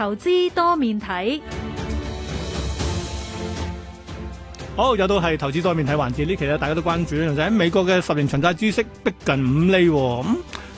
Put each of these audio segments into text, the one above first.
投資多面睇，好又到係投資多面睇環節，呢期咧大家都關注，就喺、是、美國嘅十年長債孳息逼近五厘、哦。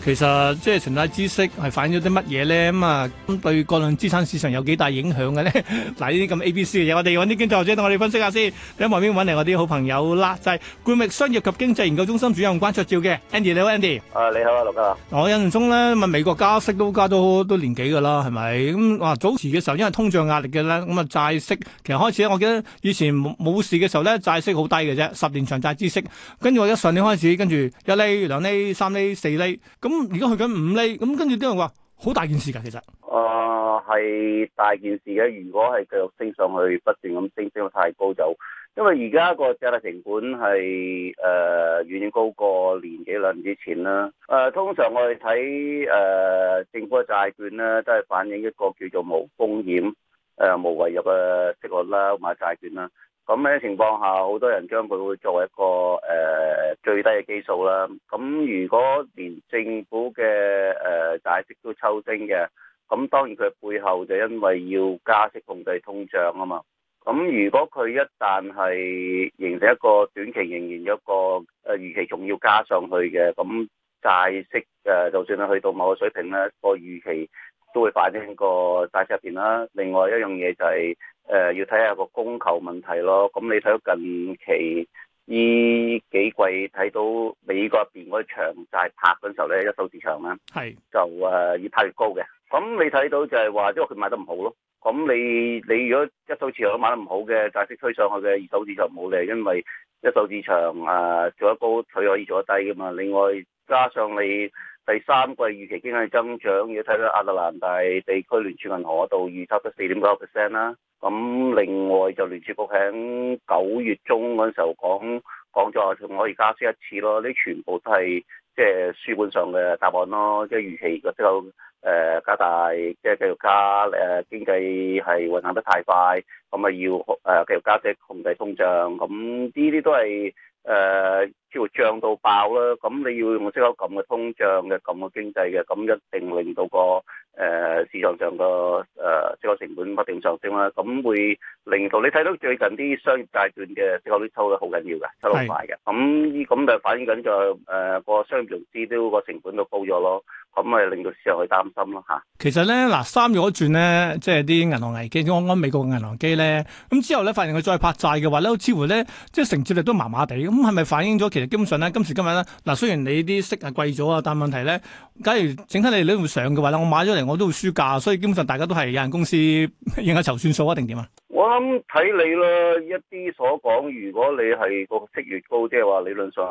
其實即係長債孳息係反映咗啲乜嘢咧？咁、嗯、啊，對各類資產市場有幾大影響嘅咧？嗱，呢啲咁 A、B、C 嘅嘢，我哋搵啲經濟學者等我哋分析下先。喺外邊搵嚟我啲好朋友啦，就係冠域商業及經濟研究中心主任關焯照嘅 Andy，你好 Andy。啊，你好啊，盧哥。我、哦、印象中咧，咁美國加息都加到都年幾噶啦，係咪？咁、嗯、啊，早時嘅時候因為通脹壓力嘅咧，咁啊，債息其實開始我記得以前冇事嘅時候咧，債息好低嘅啫，十年長債孳息。跟住我一上年開始，跟住一厘、兩厘、三厘、四厘，咁。咁而家去緊五厘，咁跟住啲人話好大件事㗎，其實，啊係、呃、大件事嘅。如果係繼續升上去，不斷咁升升到太高就，因為而家個借貸成本係誒遠遠高過年幾兩年之前啦。誒、呃、通常我哋睇誒政府嘅債券咧，都係反映一個叫做無風險誒、呃、無違約嘅息率啦，買債券啦。咁嘅情況下，好多人將佢會作為一個誒、呃、最低嘅基數啦。咁、嗯、如果連政府嘅誒、呃、債息都抽升嘅，咁、嗯、當然佢背後就因為要加息控制通脹啊嘛。咁、嗯、如果佢一旦係形成一個短期仍然有一個誒預期，仲要加上去嘅，咁、嗯、債息誒、呃，就算係去到某個水平咧，個預期都會反映個債息入邊啦。另外一樣嘢就係、是。誒、呃，要睇下個供求問題咯。咁、嗯、你睇到近期呢幾季睇到美國入邊嗰個長債拍嘅時候咧，一手市場咧係就誒越、呃、拍越高嘅。咁、嗯、你睇到就係話，即係佢賣得唔好咯。咁、嗯、你你如果一手市場都賣得唔好嘅，價息推上去嘅，二手市場唔好嘅，因為一手市場誒做得高，佢可以做得低噶嘛。另外加上你。第三季預期經濟增長，要睇到亞特蘭大地區聯儲銀行嗰度預測得四點九 percent 啦。咁另外就聯儲局喺九月中嗰陣時候講講咗，仲可以加息一次咯。呢全部都係即係書本上嘅答案咯，即係預期個之後誒加大，即係繼續加誒經濟係運行得太快，咁啊要誒，呃，繼續加息控制通脹，咁呢啲都係。誒，即係漲到爆啦，咁你要用息口咁嘅通脹嘅咁嘅經濟嘅，咁一定令到個誒、呃、市場上個誒息口個成本不定上升啦，咁會令到你睇到最近啲商業階段嘅息口啲抽得好緊要嘅，抽得好快嘅，咁咁是就反映緊就誒、是、個、呃、商業融資都個成本都高咗咯。咁咪令到市場去擔心咯吓。其實咧嗱，三月嗰轉咧，即係啲銀行危機，安安美國嘅銀行機咧，咁之後咧發現佢再拍債嘅話咧，似乎咧即係承接力都麻麻地。咁係咪反映咗其實基本上咧今時今日咧，嗱雖然你啲息係貴咗啊，但問題咧，假如整親你理論上嘅話咧，我買咗嚟，我都會輸價，所以基本上大家都係有限公司認下籌算數一定點啊？我諗睇你啦，一啲所講，如果你係個息越高，即係話理論上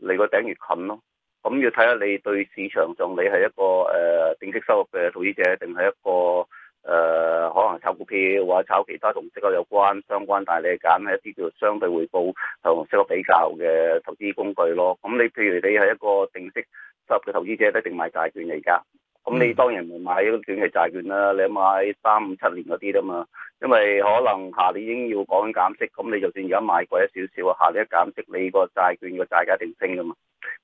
離個頂越近咯。咁要睇下你對市場上，你係一個誒、呃、定息收入嘅投資者，定係一個誒、呃、可能炒股票或者炒其他同息較有關相關，但係你揀係一啲叫相對回報同息個比較嘅投資工具咯。咁你譬如你係一個定息收入嘅投資者，一定買債券嘅而家？咁、嗯、你當然唔買呢啲短期債券啦，你買三五七年嗰啲啦嘛，因為可能下年已經要講減息，咁你就算而家買貴少少啊，下年一減息，你個債券個債價一定升噶嘛，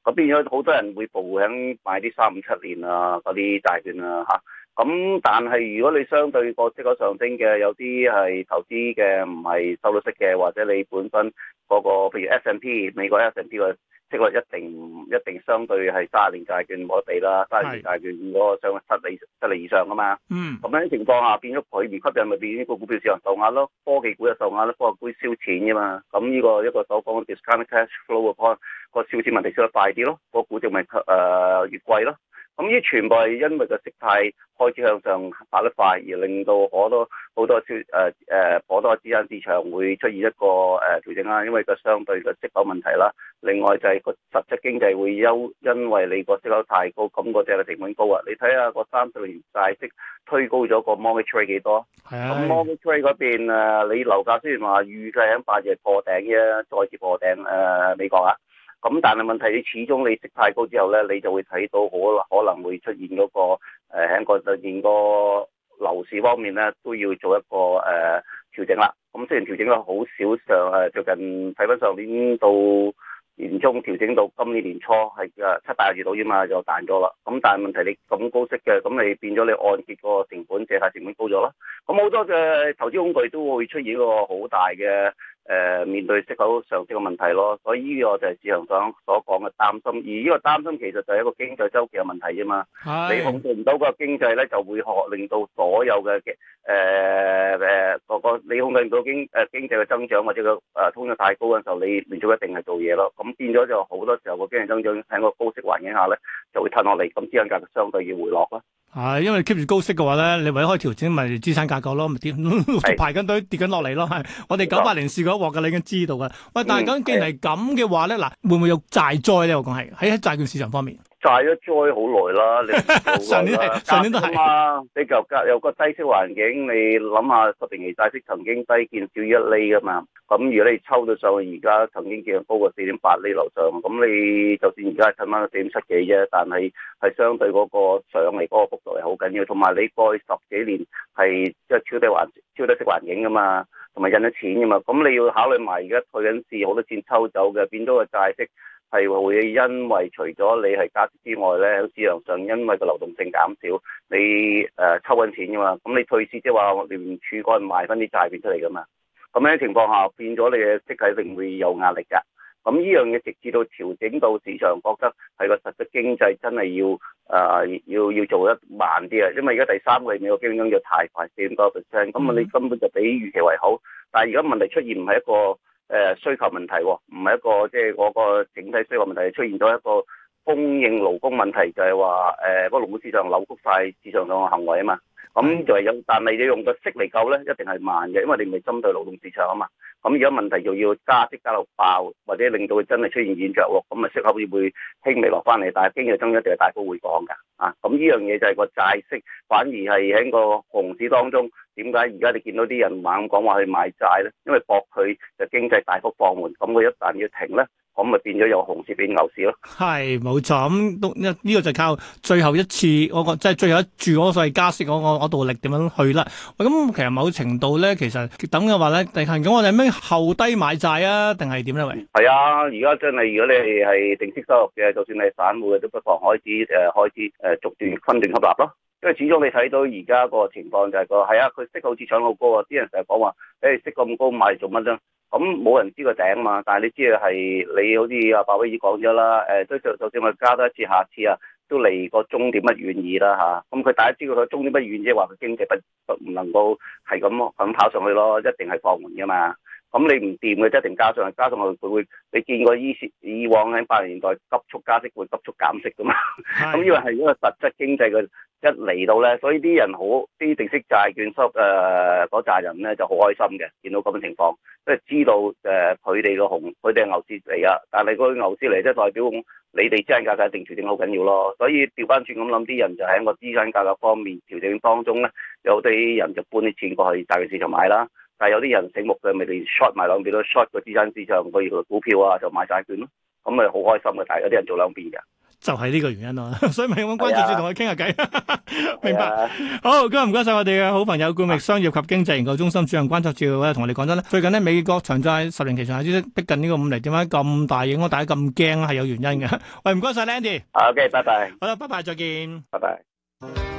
咁變咗好多人會部響買啲三五七年啊嗰啲債券啊嚇。咁但係如果你相對個息率上升嘅，有啲係投資嘅唔係收利息嘅，或者你本身嗰、那個譬如 S&P 美國 S&P 嘅息率一定一定相對係三十年債券冇得比啦，三十年債券嗰個上七厘七厘以上啊嘛，咁樣是情況下變咗佢唔吸引咪變咗、這個這個 kind of 這個這個股票市場受壓咯，科技股嘅受壓咯，科技股燒錢噶嘛，咁呢個一個所講 discount cash flow 個個燒錢問題燒得快啲咯，個股值咪誒越貴咯。咁呢、嗯、全部係因為個息率開始向上爬得快，而令到好多好多誒誒，好、呃、多資產市場會出現一個誒、呃、調整啦、啊。因為個相對個息口問題啦，另外就係、是、個實質經濟會優，因為你個息口太高，咁嗰隻嘅成本高啊。你睇下個三十年債息推高咗個 mortgage rate 幾多？係啊的。咁 mortgage rate 那邊啊、呃，你樓價雖然話預計喺百字破頂啫，再次破頂誒、呃，美國啊。咁但係問題，你始終你息太高之後咧，你就會睇到可可能會出現嗰、嗰個誒喺個出現個樓市方面咧，都要做一個誒、呃、調整啦。咁、嗯、雖然調整咗好少上誒，最近睇翻上年到。年中調整到今年年初係啊七八月到啫嘛，就彈咗啦。咁但係問題，你咁高息嘅，咁你變咗你按揭個成本、借貸成本高咗咯。咁好多嘅投資工具都會出現一個好大嘅誒、呃、面對息口上升嘅問題咯。所以呢個就係市場上所講嘅擔心。而呢個擔心其實就係一個經濟周期嘅問題啫嘛。是你控制唔到個經濟咧，就會令到所有嘅嘅誒誒。呃呃個個你控制唔到經誒經濟嘅增長，或者個誒通脹太高嘅時候，你連續一定係做嘢咯。咁變咗就好多時候個經濟增長喺個高息環境下咧，就會褪落嚟，咁資產價格相對要回落咯。係，因為 keep 住高息嘅話咧，你為開調整，咪資產結構咯，咪跌排緊隊跌緊落嚟咯。係是，我哋九八年試過一鑊噶，你已經知道噶。喂，但係咁既然係咁嘅話咧，嗱是，會唔會有債災咧？我講係喺債券市場方面。債息債好耐啦， 上年都係 上年都係嘛？ 你就隔有個低息環境，你諗下十零年債息曾經低見少於一厘噶嘛？咁如果你抽到上去，而家曾經見到高過四點八厘樓上，咁你就算而家睇翻四點七幾啫，但係係相對嗰個上嚟嗰個幅度係好緊要，同埋你過去十幾年係即係超低環超低息環境噶嘛，同埋印咗錢噶嘛，咁你要考慮埋而家退緊市好多錢抽走嘅，變咗個債息。係會因為除咗你係加息之外咧，市場上因為個流動性減少，你誒、呃、抽緊錢噶嘛，咁你退市即係話聯儲嗰陣賣翻啲債券出嚟噶嘛，咁樣情況下變咗你嘅息體係會有壓力噶，咁呢樣嘢直至到調整到市場覺得係個實質經濟真係要誒、呃、要要做得慢啲啊，因為而家第三季美個基本增長要太快四點多 percent，咁啊你根本就比預期為好，但係而家問題出現唔係一個。誒、呃，需求問題、哦，唔係一個即係我個整體需求問題，出現咗一個供應勞工問題。就係、是、話，誒、呃，嗰個勞工市場扭曲曬市場上嘅行為啊嘛。咁就係有，嗯、但係你用個息嚟救咧，一定係慢嘅，因為你唔係針對勞動市場啊嘛。咁而家問題就要加息加到爆，或者令到佢真係出現現象喎。咁啊息口會會輕微落翻嚟，但係經濟中一定係大幅回降噶。啊，咁、嗯、呢樣嘢就係個債息，反而係喺個熊市當中。點解而家你見到啲人猛講話去買債咧？因為博佢就經濟大幅放緩，咁、嗯、佢一旦要停咧。咁咪變咗有熊市變牛市咯，係冇錯，咁都呢個就靠最後一次，我覺即係、就是、最後一注，我再加息我我度力點樣去啦？咁、嗯、其實某程度咧，其實等嘅話咧，恆咁我哋咩後低買債啊，定係點咧？喂，係啊！而家真係如果你係定息收入嘅，就算你散戶嘅，都不妨開始誒、呃、開始誒、呃、逐段分段吸納咯。因為始終你睇到而家個情況就係個係啊，佢息好似搶好高啊，啲人成日講話，誒、欸，息咁高買嚟做乜啫？咁、嗯、冇人知個頂啊嘛，但係你知係你好似鮑威爾講咗啦，誒、欸，都就就，就算我加多一次、下次啊，都離個終點乜遠意啦吓，咁佢大家知道個終點乜遠二，即係話佢經濟不唔能夠係咁咁跑上去咯，一定係放緩噶嘛。咁你唔掂嘅，即係一定加倉，加倉佢佢會，你見過以前以往喺八年代急速加息，會急速減息噶嘛？咁 因為係一個實質經濟嘅一嚟到咧，所以啲人好啲定息債券收、息誒嗰扎人咧就好開心嘅，見到咁嘅情況，即係知道誒佢哋個熊，佢哋係牛市嚟啊！但係個牛市嚟即係代表你哋資產價格定調整好緊要咯，所以調翻轉咁諗，啲人就喺個資產價格方面調整當中咧，有啲人就搬啲錢過去債券市場買啦。但有啲人醒目嘅，咪嚟 short 埋兩邊咯，short 個資產市場，譬如個股票啊，買就買債券咯，咁咪好開心嘅。但有啲人做兩邊嘅，就係呢個原因咯。所以咪咁關焯照同佢傾下偈，明白。啊、好，今日唔該晒我哋嘅好朋友冠域商業及經濟研究中心主任關焯照啊，同我哋講真咧，最近呢，美國長債十年期長息逼近呢個五厘，點解咁大嘅？我哋咁驚咧，係有原因嘅。喂，唔該晒 Landy OK，拜拜。好，拜拜，再見。拜拜。